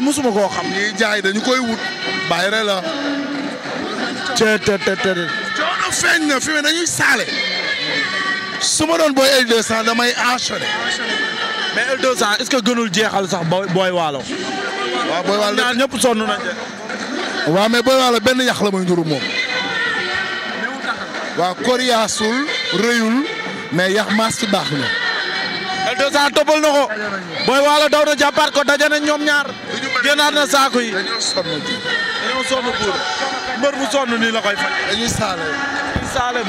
loolu mosuma koo xam. ñuy jaay dañu koy wut. bàyyire la. te te te te. coono feeñ na fi mu dañuy saale. su ma doon booy L200 damay enchaîner. mais L200 est-ce que gënul jeexal sax booy booy waalo. waaw booy waalo ñaar ñëpp sonn nañ de. waaw mais booy waalo benn yàq la muy nduru moom. waaw koriyaasul rëyul mais yax maas ci baax na. L200 toppal na ko. booy waalo daw na jàppaat ko daje na ñoom ñaar. génnaat na saako yi dañoo sonn dañoo sonn buur mbër bu sonn nii la koy faj. dañuy saale.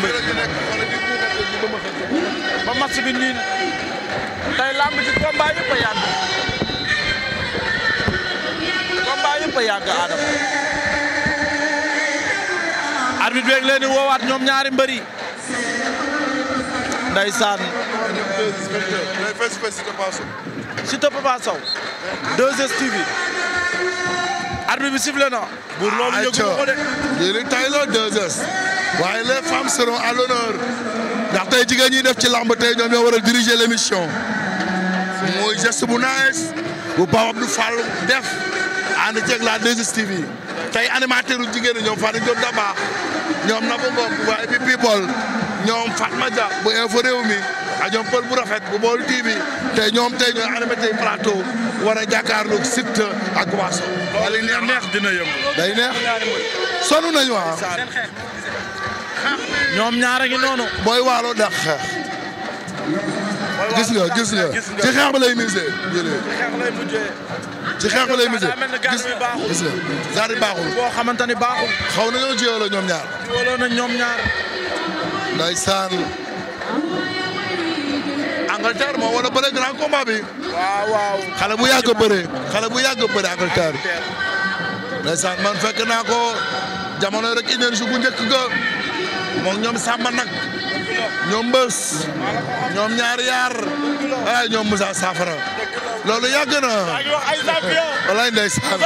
mbër. ba match bi nii tey làmb ci combat yëpp a yàgg combat yëpp a yàgg leen di woowaat ñoom ñaari mbër yi. Ndeysaan. Siteu Papa Sow 2STV arbitre bi sifflé na. buur loolu yëngu ma ko de. lii tay la 2S. waaye les femmes seront à l'honneur ndax tey jigéen ñi def ci lamb tey ñoom ñoo war a diriger l' émission. mooy geste bu nice bu Pape Abdou Fall def ànd ceeg la 2STV yi tey animateur jigéen ñi ñoom Fatou Diop da baax ñoom Nabou Ngom bu Happy People ñoom Fatma Dia bu info ajom pël bu rafet bu bool TV te ñoom tey ñooy animé tey plateau war a jàkkaarloog Siteu ak waaso. loolu dina neex dina yëngu. day neex sonu nañu waaw. ñoom ñaar a ngi noonu. booy waalo dax xeex. gis nga gis nga ci xeex ba lay misé jëlee. ci xeex ba lay misé gis gis nga zaari baaxul. boo xamante ni baaxul. xaw nañoo jéewaloo ñoom ñaar. jéewaloo nañ ñoom ñaar. ndeysaan. Angleterre moo wala bëre grand combat bi. waaw waaw. xale bu yàgg bëre xale bu yàgg bëre Angleterre. ndeysaan man fekk naa ko jamono rek énergie bu njëkk ga moom ñoom Samba nag ñoom Mbës ñoom ñaari yaar ay ñoom Moussa Safara loolu yàgg na walaay ndeysaan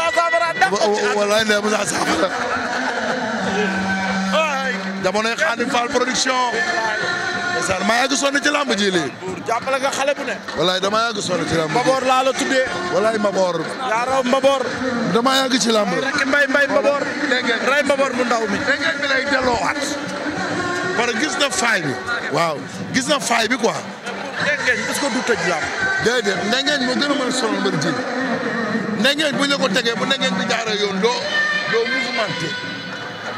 walaay Safara jamonoy Xaadim Fall production. ndeysaan maa yàgg sonn ci làmb ji lii. jàppale nga xale bu ne. walaay dama yàgg sonn ci làmb laa la tuddee. walaay Mabor. yaa raw Mabor. dama yàgg ci làmb. rek mbay mbay Mabor. ray Mabor mu ndaw mi. dégg ngeen bi lay delloowaat. gis na faay bi. waaw gis na faay bi quoi. dégg ngeen gën a mën a sonal ji ndengeen bu la ko tegee bu ndengeen di jaaree yoon doo doo musu mante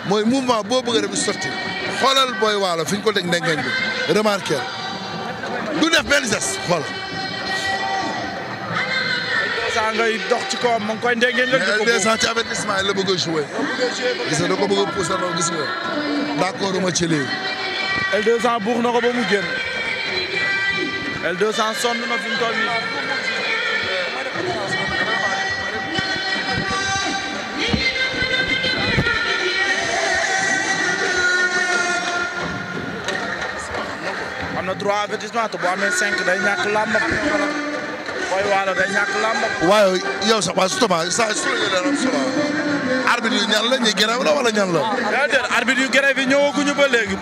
mooy mouvement boo bëgg a def sotti xoolal booy waalo fi ñu ko teg ndengeñ bi remarqué du def benn geste xool. saa dox ci kawam mu koy ndengeñ rek. di ko mais ci avertissement la bëgg a joué. gis nga da ko bëgg a poussé noonu gis nga d'accord ma buux na ba mu génn. L200 sonn na fi mu na trois boo amee cinq day ñàkk làmbam. Boy Walo day ñàkk làmbam. waaye yow sax waaye surtout maa saa su la ñu doon arbitre yu ñan la ñuy grève la wala ñan la. déedéet arbitre yu grève yi ñëwaguñu ba léegi.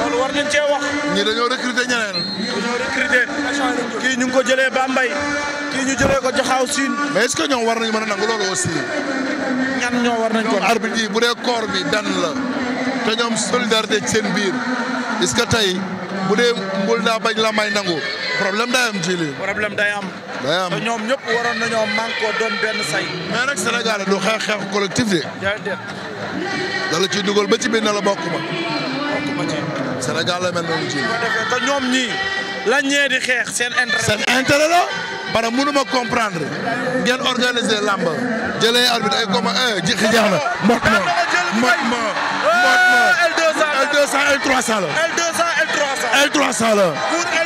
loolu war nañ cee wax. ñii dañoo recruter ñeneen. dañoo kii ñu ngi ko jëlee Bambey. kii ñu jëlee ko Jaxaaw Siin. mais est-ce que ñoom war nañu mën a nangu loolu aussi. ñan ñoo war nañ ko. arbitre yi bu dee corps bi dan la. te ñoom solidarité ci seen biir est-ce tey. bu mbul na bañ la may nangu problème day am ci lii. problème day am. day am te ñoom ñëpp waroon nañoo doon ben say. mais nak Sénégal do xex xex collectif dé da la ci duggal ba ci biir la bokuma ci. Sénégal la mel non ci ko défé ta ñom ñi la ñé di xex sen intérêt. sen intérêt la. para que mënu ma comprendre ngeen organiser lamb jëlé arbitre ay comme euh ji jaxna na mot ma L200 eh, l L300 El Duasala.